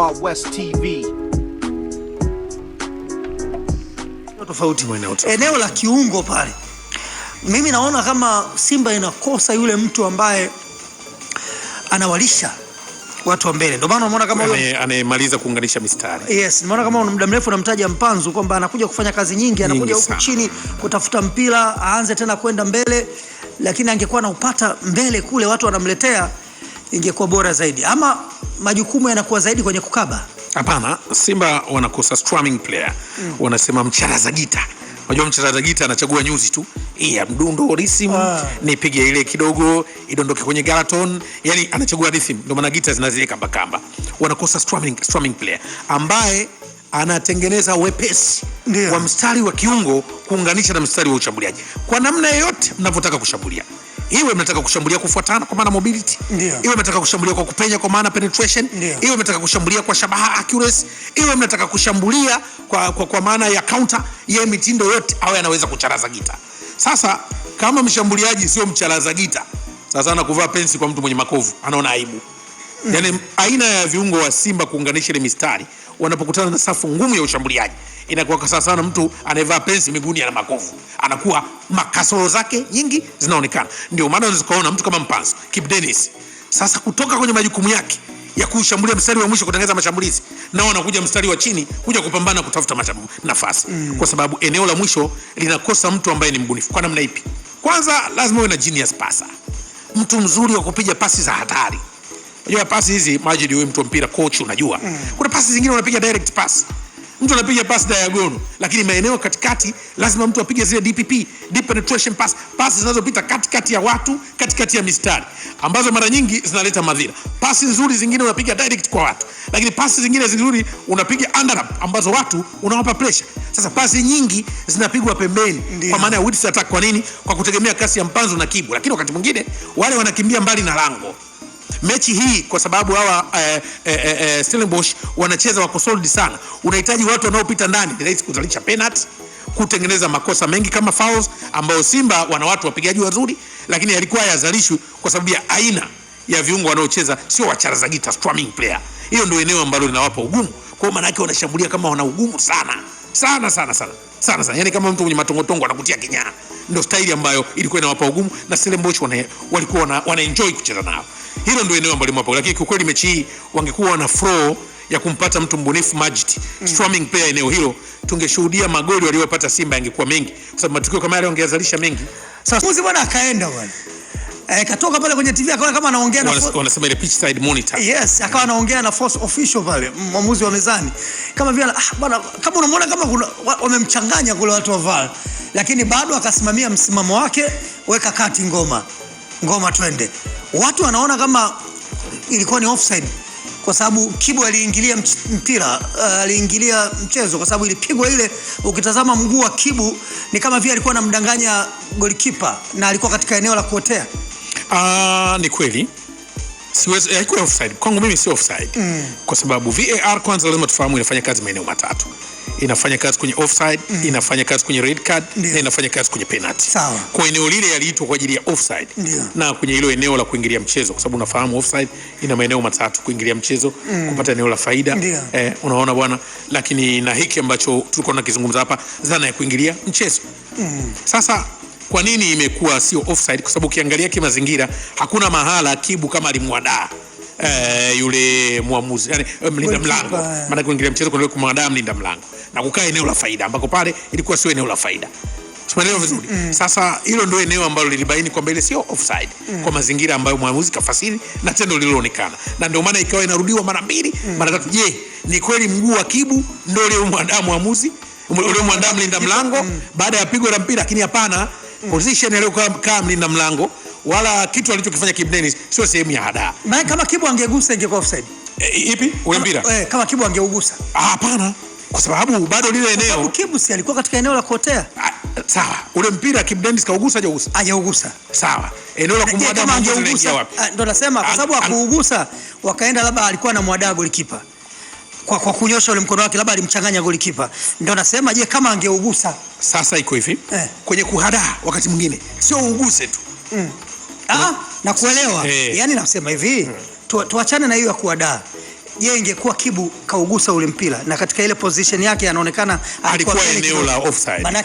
Wild West TV. Tofauti eneo la kiungo pale, mimi naona kama Simba inakosa yule mtu ambaye anawalisha watu wa mbele, ndio maana unaona kama anayemaliza kuunganisha mistari. Yes, unaona kama muda mrefu namtaja Mpanzu kwamba anakuja kufanya kazi nyingi, anakuja huku chini kutafuta mpira, aanze tena kwenda mbele, lakini angekuwa anaupata mbele kule, watu wanamletea, ingekuwa bora zaidi ama majukumu yanakuwa zaidi kwenye kukaba? Hapana, Simba wanakosa strumming player mm. Wanasema mcharaza gita Unajua mcheza gita anachagua nyuzi tu, hii ya mdundo rhythm, ah, nipige ile kidogo idondoke kwenye galaton, yani anachagua rhythm. Ndio maana gita zina kamba kamba. Wanakosa strumming, strumming player ambaye anatengeneza wepesi yeah, wa mstari wa kiungo kuunganisha na mstari wa ushambuliaji kwa namna yoyote mnavyotaka kushambulia iwe mnataka kushambulia kufuatana kwa maana mobility, yeah. iwe mnataka kushambulia kwa kupenya kwa maana penetration, yeah. iwe mnataka kushambulia kwa shabaha accuracy, iwe mnataka kushambulia kwa, kwa, kwa maana ya counter, yeye mitindo yote awe anaweza kucharaza gita. Sasa kama mshambuliaji sio mcharaza gita, sasa ana kuvaa pensi kwa mtu mwenye makovu anaona aibu. Yani, aina ya viungo wa Simba kuunganisha ile mistari wanapokutana na safu ngumu ya ushambuliaji inakuwa sawa sana mtu anayevaa pensi miguuni ana makovu, anakuwa makasoro zake nyingi zinaonekana. Ndio maana unaweza kuona mtu kama Mpanzu Kip Dennis sasa kutoka kwenye majukumu yake ya kushambulia mstari wa mwisho kutengeneza mashambulizi, nao wanakuja mstari wa chini kuja kupambana kutafuta nafasi mm. kwa sababu eneo la mwisho linakosa mtu ambaye ni mbunifu. Kwa namna ipi? Kwanza lazima uwe na genius pasa, mtu mzuri wa kupiga pasi za hatari. Unajua pasi hizi, Majid, wewe mtu wa mpira, coach, unajua mm. kuna pasi zingine unapiga direct pass mtu anapiga pasi diagonal, lakini maeneo katikati lazima mtu apige zile DPP, deep penetration pass, pasi zinazopita katikati ya watu, katikati ya mistari ambazo mara nyingi zinaleta madhira. Pasi nzuri zingine unapiga direct kwa watu, lakini pasi zingine nzuri unapiga underlap ambazo watu unawapa pressure. Sasa pasi nyingi zinapigwa pembeni, kwa maana ya width attack. Kwa nini? Kwa kutegemea kasi ya mpanzo na kibu, lakini wakati mwingine wale wanakimbia mbali na lango mechi hii kwa sababu hawa eh, eh, eh, eh, Stellenbosch wanacheza wako solid sana, unahitaji watu wanaopita ndani, ni rahisi kuzalisha penalty kutengeneza makosa mengi kama fouls, ambayo Simba wana watu wapigaji wazuri, lakini yalikuwa yazalishwi kwa sababu ya aina ya viungo wanaocheza, sio wacharaza strumming player. Hiyo ndio eneo ambalo linawapa ugumu kwa maana yake, wanashambulia kama wana ugumu sana sana sana sana sana, yani kama mtu mwenye matongotongo anakutia kinyaa ndo staili ambayo ilikuwa inawapa ugumu na Stellenbosch wana, walikuwa wana, wana enjoy kucheza nao. Hilo ndio eneo ambalo limewapa, lakini kiukweli mechi hii wangekuwa wana flow ya kumpata mtu mbunifu Majid mm. strumming eneo hilo, tungeshuhudia magoli waliyopata Simba yangekuwa mengi, kwa sababu matukio kama yale wangeyazalisha mengi. Sasa bwana akaenda bwana eh, katoka pale kwenye TV akaona kama anaongea na wanasema ile pitch side monitor. Yes, akawa anaongea na force official pale, mwamuzi wa mezani, kama vile ah, bwana, kama unamwona kama wamemchanganya kule watu wa VAR, lakini bado akasimamia msimamo wake, weka kati ngoma ngoma, twende. Watu wanaona kama ilikuwa ni offside kwa sababu Kibo aliingilia mpira eh, aliingilia mchezo kwa sababu ilipigwa ile. Ukitazama mguu wa Kibu ni kama vile alikuwa anamdanganya golikipa na alikuwa katika eneo la kuotea. Aa, ah, ni kweli siwezi haikuwa offside kwangu mimi, si offside mm. kwa sababu VAR kwanza lazima tufahamu inafanya kazi maeneo matatu inafanya kazi kwenye offside mm. inafanya kazi kwenye red card Ndiyo. na inafanya kazi kwenye penalty. Sawa. Kwa eneo lile yaliitwa kwa ajili ya offside Ndiyo. na kwenye hilo eneo la kuingilia mchezo, kwa sababu unafahamu offside ina maeneo matatu: kuingilia mchezo mm. kupata eneo la faida eh, unaona bwana, lakini na hiki ambacho tulikuwa tunakizungumza hapa, zana ya kuingilia mchezo mm. sasa kwa nini imekuwa sio offside? Kwa sababu ukiangalia kimazingira hakuna mahala Kibu kama alimwandaa Uh, eh, yule mwamuzi yani, eh, mlinda mlango, maana kuingilia mchezo kuna kumwandaa mlinda mlango na kukaa eneo la faida ambako pale ilikuwa sio eneo la faida. Tumeelewa vizuri mm. Sasa hilo ndio eneo ambalo lilibaini kwamba ile sio offside mm. kwa mazingira ambayo mwamuzi kafasiri na tendo lililoonekana, na ndio maana ikawa inarudiwa mara mbili mm. mara tatu. Je, ni kweli mguu wa Kibu ndio ule mwandaa mwamuzi ule mwandaa mlinda mlango mm. baada ya pigo la mpira? Lakini hapana Mm. position aliyokaa mlinda mlango wala kitu alichokifanya Kibu Denis sio sehemu ya hada. Maana kama Kibu angegusa ingekuwa offside. E, ipi? Wembira. mpira? Eh, kama Kibu angeugusa. Ah, hapana. Kwa sababu bado lile eneo. Kwa sababu Kibu si alikuwa katika eneo la kuotea. Ah, sawa. Ule mpira Kibu Denis kaugusa hajaugusa? Hajaugusa. Sawa. Eneo la kumwada mwanzo wapi? Ah, Ndio nasema kwa sababu hakuugusa wakaenda labda alikuwa na mwadago golikipa kwa, kwa kunyosha ule mkono wake, labda alimchanganya golikipa. Ndio nasema je, kama angeugusa sasa, iko hivi eh, kwenye kuhadaa wakati mwingine sio uguse tu mm. Ah, na kuelewa eh. Yani nasema hivi mm. Tuachane na hiyo ya kuhadaa yeye ingekuwa Kibu kaugusa ule mpira na katika ile position yake anaonekana alikuwa eneo la offside, maana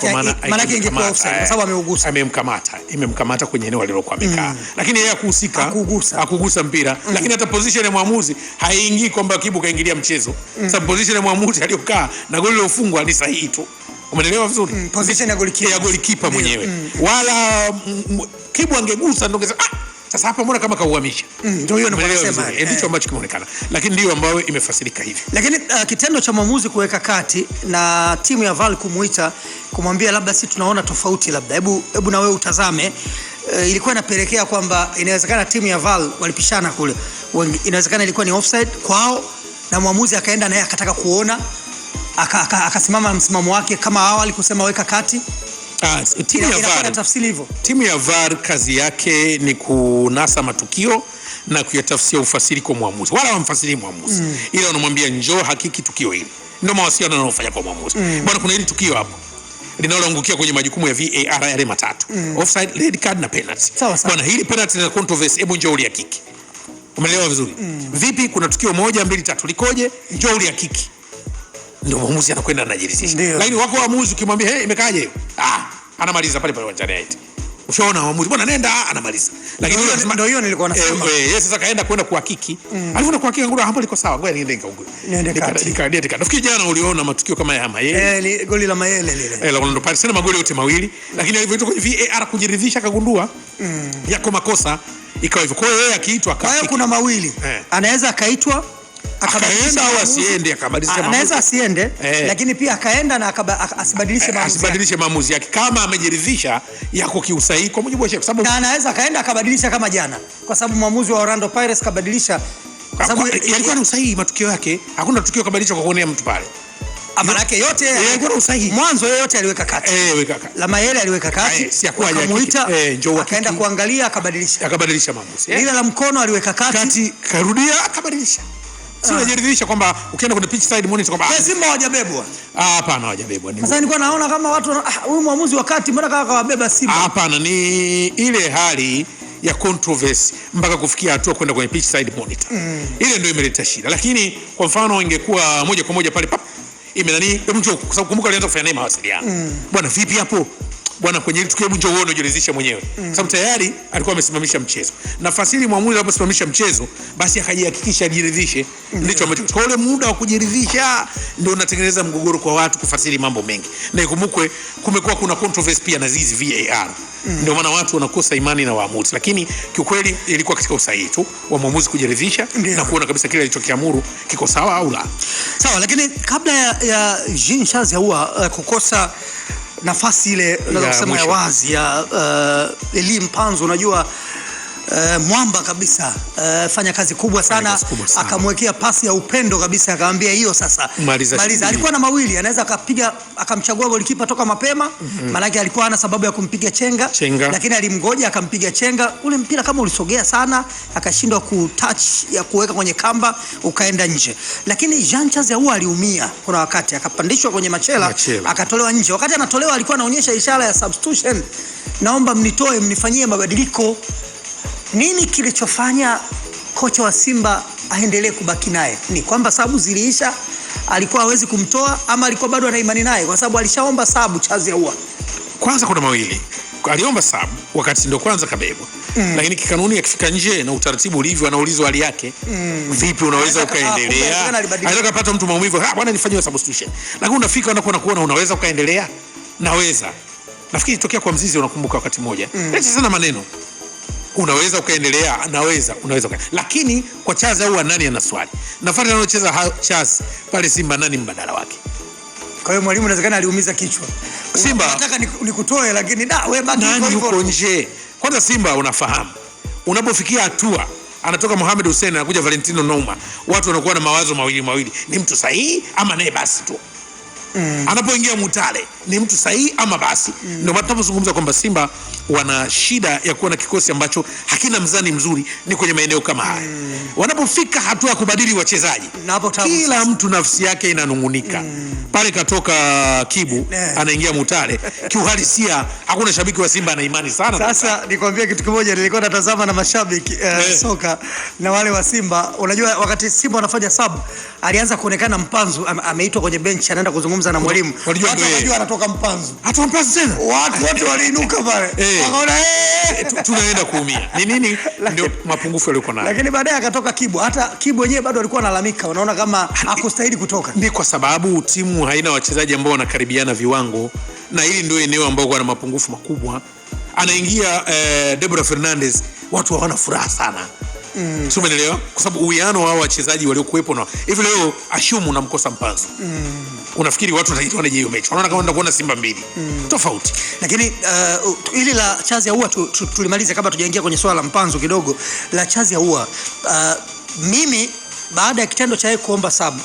yake ingekuwa offside kwa eh, sababu ameugusa, amemkamata, imemkamata kwenye eneo alilokuwa amekaa mm. Lakini yeye hakuhusika, hakugusa, hakugusa mpira mm. Lakini hata position ya mwamuzi haiingii kwamba Kibu kaingilia mchezo mm. Sababu position ya mwamuzi aliyokaa na goli lilofungwa ni sahihi tu. Umeelewa vizuri? Mm, position ya goalkeeper, ya goalkeeper mwenyewe mm. Wala mm, mm, Kibu angegusa ndio ah sasa hapa mbona kama kauhamisha? Mm, ndio hiyo ninasema. Eh, ndicho eh. ambacho kimeonekana. Lakini ndio ambayo imefasirika hivi. Lakini uh, kitendo cha mwamuzi kuweka kati na timu ya Val kumuita kumwambia labda si tunaona tofauti labda. Hebu hebu na wewe utazame. Uh, ilikuwa inapelekea kwamba inawezekana timu ya Val walipishana kule. Inawezekana ilikuwa ni offside kwao na mwamuzi akaenda naye akataka kuona akasimama aka, aka msimamo wake kama awali kusema weka kati. Ah, timu ya VAR tafsiri hivyo. Timu ya VAR kazi yake ni kunasa matukio na kuyatafsia ufasiri kwa mwamuzi, wala wamfasiri mwamuzi mm. Ila wanamwambia njoo hakiki tukio hili, ndio mawasiliano wanaofanya kwa mwamuzi mm. Bwana, kuna hili tukio hapo linaloangukia kwenye majukumu ya VAR yale matatu mm. Offside, red card na penalty. Bwana, hili penalty na controversy, hebu njoo ulihakiki. Umeelewa vizuri mm. Vipi, kuna tukio moja mbili tatu, likoje? Njoo ulihakiki, ndio mwamuzi anakwenda anajiridhisha, lakini wako waamuzi ukimwambia hey, imekaje hiyo ah anamaliza pale pale uwanjani aite ushaona mwamuzi bwana, nenda, anamaliza. Lakini hiyo ndio hiyo nilikuwa nasema eh, eh yeye sasa kaenda kwenda kuhakiki, mm. aliona kuhakiki ngura hapo liko sawa, ngoja niende nikaungue, niende kati nikaende tika. Nafikiri jana uliona matukio kama haya Mayele, eh, ni goli la Mayele lile, eh, la ndo pale sema magoli yote mawili, lakini alivyoitwa kwenye VAR kujiridhisha, kagundua mm. yako makosa, ikawa hivyo. Kwa hiyo yeye akiitwa, kwa hiyo kuna mawili, eh. anaweza akaitwa akaenda au asiende akabadilisha maamuzi, anaweza asiende eh, lakini pia akaenda na asibadilishe eh, maamuzi, asibadilishe maamuzi yake kama amejiridhisha yako kiusahihi kwa mujibu wa sheria, kwa sababu anaweza akaenda akabadilisha kama jana, kwa sababu mwamuzi wa Orlando Pirates kabadilisha kwa sababu eh, yalikuwa ni usahihi matukio yake. Hakuna tukio kabadilisha kwa kuonea mtu pale amana ah, yake yote eh, yalikuwa na usahihi. Mwanzo yote aliweka kati, eh, weka kati La Lamaele aliweka kati, si akuwa ya kumuita, eh, njoo akaenda kuangalia akabadilisha, akabadilisha maamuzi. Lile la mkono aliweka kati, kati karudia akabadilisha. Sio inajiridhisha ah. kwamba ukienda kwenye pitch side monitor kwamba Simba hawajabebwa. Ah, hapana hawajabebwa. Sasa nilikuwa naona kama watu huyu ah, mwamuzi wakati mbona kawa kawabeba Simba. Hapana, ni ile hali ya controversy mpaka kufikia hatua kwenda kwenye pitch side monitor. Mm. Ile ndio imeleta shida. Lakini kwa mfano ingekuwa moja kwa moja pale pap imenani mtu kwa sababu kumbuka alianza kufanya naye mawasiliano. Mm. Bwana vipi hapo? bwana, kwenye hili tukio, njoo uone unajiridhisha mwenyewe mm. Sababu tayari alikuwa amesimamisha mchezo, na fasili mwamuzi aliposimamisha mchezo, basi akajihakikisha ajiridhishe mm. ambacho kwa ule muda wa kujiridhisha ndio unatengeneza mgogoro kwa watu kufasili mambo mengi, na ikumbukwe kumekuwa kuna controversy pia na hizi VAR mm. Ndio maana watu wanakosa imani na waamuzi, lakini kiukweli ilikuwa katika usahihi tu wa mwamuzi kujiridhisha yeah. na kuona kabisa kile alichokiamuru kiko sawa au la sawa. Lakini kabla ya, ya Jean Charles Ahoua uh, kukosa nafasi ile naweza kusema ya wazi ya uh, Elie Mpanzu unajua Eh, mwamba kabisa uh, fanya kazi kubwa sana, sana. Akamwekea pasi ya upendo kabisa, akamwambia hiyo sasa maliza, maliza. Alikuwa na mawili, anaweza akapiga akamchagua golikipa toka mapema mm -hmm. alikuwa ana sababu ya kumpiga chenga, chenga, lakini alimgoja akampiga chenga. Ule mpira kama ulisogea sana, akashindwa kutouch ya kuweka kwenye kamba, ukaenda nje. Lakini Jean Charles Ahoua aliumia, kuna wakati akapandishwa kwenye machela, machela, akatolewa nje. Wakati anatolewa alikuwa anaonyesha ishara ya substitution, naomba mnitoe mnifanyie mabadiliko nini kilichofanya kocha wa Simba aendelee kubaki naye? Ni kwamba sababu ziliisha, alikuwa hawezi kumtoa, ama alikuwa bado ana imani naye, kwa sababu alishaomba sabu chazi ya ua. Kwanza kuna mawili, aliomba sabu wakati ndio kwanza kabebwa Mm. Lakini kikanuni akifika nje na utaratibu ulivyo, anaulizwa hali yake mm. Vipi, unaweza ukaendelea? Anataka pata mtu maumivu, ah bwana, nifanyiwe substitution, lakini unafika unakuwa kuona unaweza ukaendelea, naweza nafikiri tokea kwa mzizi, unakumbuka wakati mmoja mm. Acha sana maneno unaweza ukaendelea, anaweza unaweza uka. Lakini kwa Charles au nani ana swali nafasi anayocheza Charles pale Simba, nani mbadala wake? Kwa hiyo mwalimu inawezekana aliumiza kichwa Simba, nataka nikutoe, lakini da wewe baki nani uko nje. Kwanza Simba unafahamu, unapofikia hatua anatoka Mohamed Hussein anakuja Valentino Noma. watu wanakuwa na mawazo mawili mawili, ni mtu sahihi ama naye basi tu mm. Anapoingia Mutale ni mtu sahihi ama basi mm. Ndio tunapozungumza kwamba Simba wana shida ya kuwa na kikosi ambacho hakina mzani mzuri, ni kwenye maeneo kama haya mm. Wanapofika hatua ya kubadili wachezaji, kila mtu nafsi yake inanungunika mm. Pale katoka Kibu eh. anaingia Mutale, kiuhalisia hakuna shabiki wa Simba ana imani sana. Sasa nikwambia kitu kimoja, nilikuwa natazama na mashabiki uh, eh, yeah. soka na wale wa Simba. Unajua wakati Simba wanafanya sub alianza kuonekana Mpanzu am, ameitwa kwenye benchi, anaenda kuzungumza na mwalimu, watu anatoka Mpanzu, hata Mpanzu tena, watu wote waliinuka pale eh. Eh. Eh, eh, tunaenda kuumia. Ni nini ndio mapungufu yalikuwa nayo, lakini baadaye akatoka kibwa Hata kibwa wenyewe bado alikuwa analalamika, unaona kama akustahili kutoka. Ni kwa sababu timu haina wachezaji ambao wanakaribiana viwango, na hili ndio eneo ambao kuna mapungufu makubwa. Anaingia eh, Deborah Fernandez, watu hawana furaha sana mm. Sio umeelewa? Kwa sababu uwiano wao wachezaji waliokuwepo na hivi leo, ashumu unamkosa mpanzo mm. Unafikiri watu wataitwaje hiyo mechi? wanaona kama unaenda kuona Simba mbili mm. tofauti. Lakini uh, ili la chazi ya ua tu, tu, tulimalize kabla tujaingia kwenye swala la mpanzo kidogo la chazi ya ua uh, mimi baada ya kitendo cha yeye kuomba sabu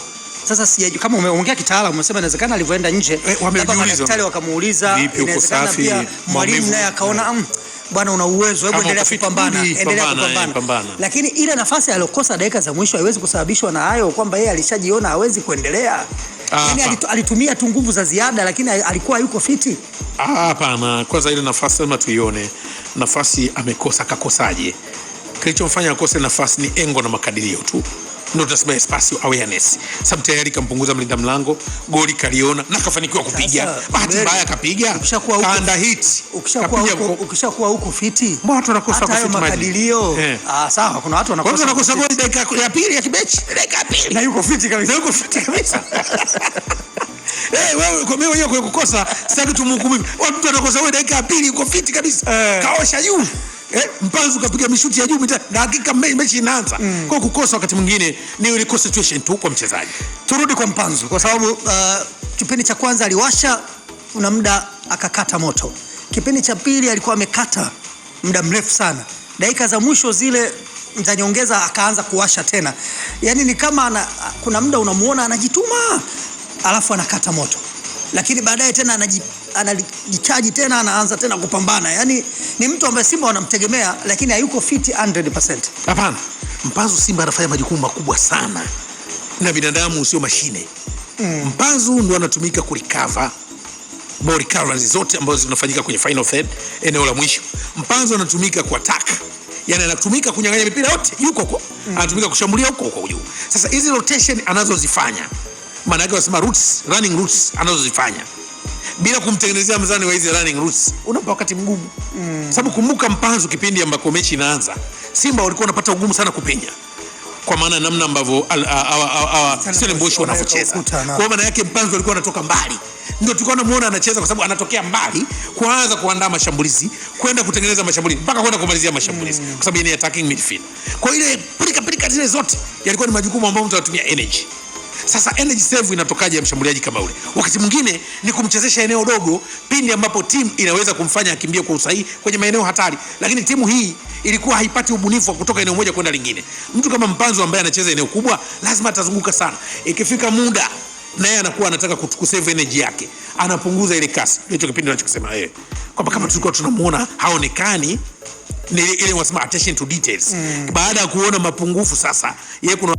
sasa si kama umeongea kitaalamu, umesema inawezekana alivyoenda nje, eh, labda madaktari wakamuuliza, inawezekana pia mwalimu naye akaona mm. Mm, bwana, una uwezo, hebu endelea kupambana, endelea eh, kupambana. Lakini ile nafasi aliyokosa dakika za mwisho haiwezi kusababishwa na hayo kwamba yeye alishajiona hawezi kuendelea. Ah, yani alitumia tu nguvu za ziada, lakini alikuwa yuko fiti. Ah, hapana, kwanza ile nafasi lazima tuione, nafasi amekosa. Kakosaje? Kilichomfanya akose nafasi ni engo na makadirio tu ndo tunasema spatial awareness, sababu tayari kampunguza mlinda mlango, goli kaliona na kafanikiwa kupiga, bahati mbaya kapiga, kanda hit. Ukishakuwa huko fiti, mbona watu wanakosa kwa fiti makadirio? Ah, sawa, kuna watu wanakosa, wanakosa goli dakika ya pili ya kibechi, dakika ya pili, na yuko fiti kabisa, eh, yuko fiti kabisa Eh, wewe kwa mimi kukosa sitaki tumhukumu. Watu wanakosa wewe dakika ya pili uko fiti kabisa. Kaosha juu eh, Mpanzu kapiga mishuti ya juu na hakika mechi inaanza mm. Kwa kukosa wakati mwingine ni ile concentration tu kwa mchezaji. Turudi kwa Mpanzu kwa sababu uh, kipindi cha kwanza aliwasha una muda akakata moto, kipindi cha pili alikuwa amekata muda mrefu sana, dakika za mwisho zile za nyongeza akaanza kuwasha tena, yani ni kama ana, kuna muda unamuona anajituma alafu anakata moto lakini baadaye tena anajichaji tena anaanza tena kupambana. Yani ni mtu ambaye Simba wanamtegemea lakini hayuko fit 100%. Hapana, Mpanzu Simba anafanya majukumu makubwa sana, na binadamu sio mashine mm. Mpanzu ndo anatumika kulikava ball recovery zote ambazo zinafanyika kwenye final third, eneo la mwisho. Mpanzu anatumika ku attack Yani anatumika kunyang'anya mipira yote, yuko huko, mm. anatumika kushambulia huko huko juu. Sasa hizi rotation anazozifanya maana yake wanasema roots, running roots anazozifanya bila kumtengenezea mzani wa hizi running roots unampa wakati mgumu mm. Sababu kumbuka mpanzo, kipindi ambako mechi inaanza Simba walikuwa wanapata ugumu sana kupenya kwa maana namna ambavyo Stellenbosch wanavyocheza. Kwa maana yake mpanzo alikuwa anatoka mbali, ndio tulikuwa tunamuona anacheza, kwa sababu anatokea mbali kuanza kuandaa mashambulizi, kwenda kutengeneza mashambulizi mpaka kwenda kumalizia mashambulizi mm. kwa sababu ni attacking midfield. Kwa ile pilika pilika zile zote yalikuwa ni majukumu ambayo mtu anatumia energy sasa energy save inatokaje ya mshambuliaji kama ule? Wakati mwingine ni kumchezesha eneo dogo, pindi ambapo timu inaweza kumfanya akimbie kwa usahihi kwenye maeneo hatari, lakini timu hii ilikuwa haipati ubunifu wa kutoka eneo moja kwenda lingine. Mtu kama Mpanzo ambaye anacheza eneo kubwa lazima atazunguka sana, ikifika muda naye anakuwa anataka kusave energy yake, anapunguza ile kasi. Hicho kipindi anachokisema yeye kwamba kama tulikuwa tunamuona haonekani ni ile wanasema attention to details. mm. Baada ya kuona mapungufu sasa, yeye kuna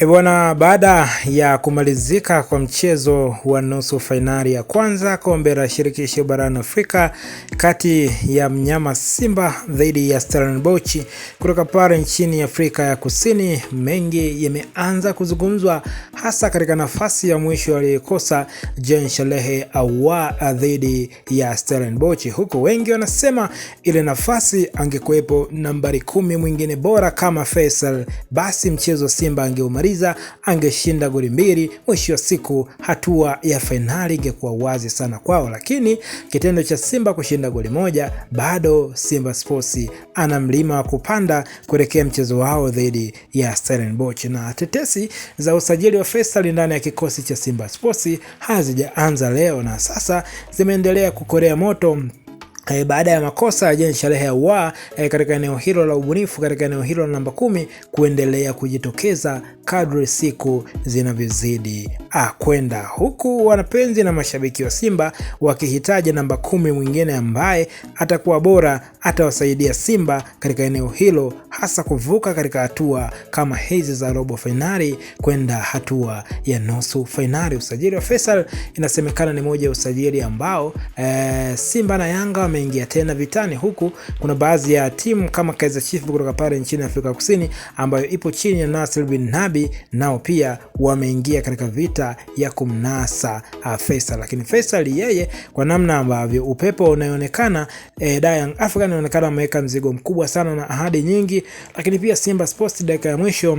Ebwana, baada ya kumalizika kwa mchezo wa nusu fainali ya kwanza kombe la shirikisho barani Afrika kati ya mnyama Simba dhidi ya Stellenbosch kutoka pale nchini Afrika ya Kusini, mengi yameanza kuzungumzwa, hasa katika nafasi ya mwisho aliyekosa Jean Shalehe Awa dhidi ya Stellenbosch, huku wengi wanasema ile nafasi angekuwepo nambari kumi mwingine bora kama Faisal, basi mchezo Simba angeumaliza kumaliza angeshinda goli mbili, mwisho wa siku hatua ya fainali ingekuwa wazi sana kwao, lakini kitendo cha Simba kushinda goli moja, bado Simba Sports ana mlima wa kupanda kuelekea mchezo wao dhidi ya Stellenbosch, na tetesi za usajili wa Faisal ndani ya kikosi cha Simba Sports hazijaanza leo na sasa zimeendelea kukorea moto E, baada ya makosa ajeni sharehe ya wa e, eh, katika eneo hilo la ubunifu katika eneo hilo la namba kumi kuendelea kujitokeza kadri siku zinavyozidi ah, kwenda, huku wanapenzi na mashabiki wa Simba wakihitaji namba kumi mwingine ambaye atakuwa bora atawasaidia Simba katika eneo hilo, hasa kuvuka katika hatua kama hizi za robo fainali kwenda hatua ya nusu fainali. Usajili wa Faisal inasemekana ni moja ya usajili ambao e, Simba na Yanga ameingia tena vitani, huku kuna baadhi ya timu kama Kaizer Chiefs kutoka pale nchini Afrika Kusini ambayo ipo chini ya Nasir Bin Nabi, nao pia wameingia katika vita ya kumnasa ah, Faisal, lakini Faisal yeye kwa namna ambavyo upepo unaonekana eh, Young Africans inaonekana ameweka mzigo mkubwa sana na ahadi nyingi, lakini pia Simba Sports dakika ya mwisho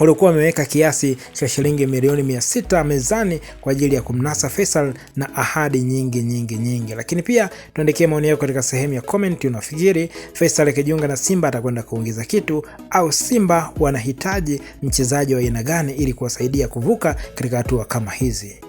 waliokuwa wameweka kiasi cha shilingi milioni mia sita mezani kwa ajili ya kumnasa Faisal na ahadi nyingi nyingi nyingi. Lakini pia tuandikie maoni yako katika sehemu ya comment. Unafikiri Faisal akijiunga na Simba atakwenda kuongeza kitu au Simba wanahitaji mchezaji wa aina gani ili kuwasaidia kuvuka katika hatua kama hizi?